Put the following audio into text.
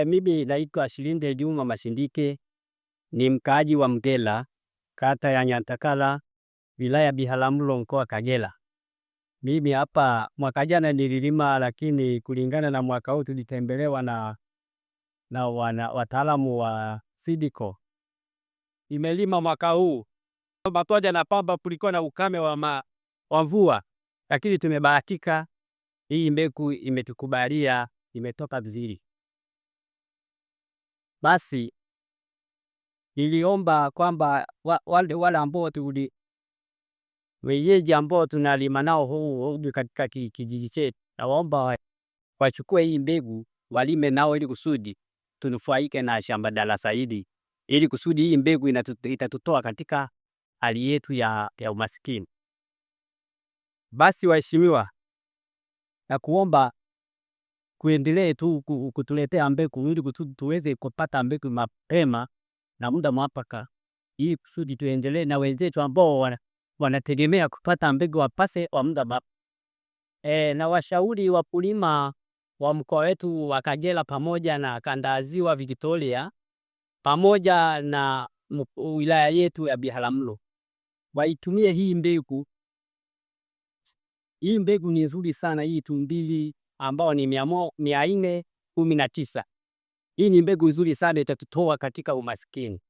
Eh, mimi naitwa Shilinde Juma Masindike ni mkaaji wa Mgela kata ya Nyantakala wilaya Biharamulo mkoa Kagera. Mimi hapa mwaka jana nililima, lakini kulingana na mwaka huu tulitembelewa na, na wana, wataalamu wa Sidiko imelima mwaka huu Matoja na Pamba, kulikuwa na ukame wa, ma, wa mvua, lakini tumebahatika hii mbegu imetukubalia imetoka vizuri basi niliomba kwamba wale wale ambao tuli wenyeji ambao tunalima nao huu huu katika kijiji chetu, nawaomba wachukue hii mbegu walime nao, ili kusudi tunufaike na shamba darasa hili, ili kusudi hii mbegu itatutoa katika hali yetu ya, ya umaskini. Basi waheshimiwa, na kuomba kuendelee tu kutuletea mbegu ili tuweze kupata mbegu mapema na muda mwafaka, ili kusudi tuendelee na wenzetu ambao wanategemea kupata mbegu wapase wa muda mwafaka. E, na washauri wakulima wa mkoa wetu wa Kagera pamoja na kanda ya Ziwa Victoria pamoja na wilaya yetu ya Biharamulo waitumie hii mbegu. Hii mbegu ni nzuri sana, hii tumbili ambao ni mia nne kumi na tisa. Hii ni mbegu nzuri sana, itatutoa katika umaskini.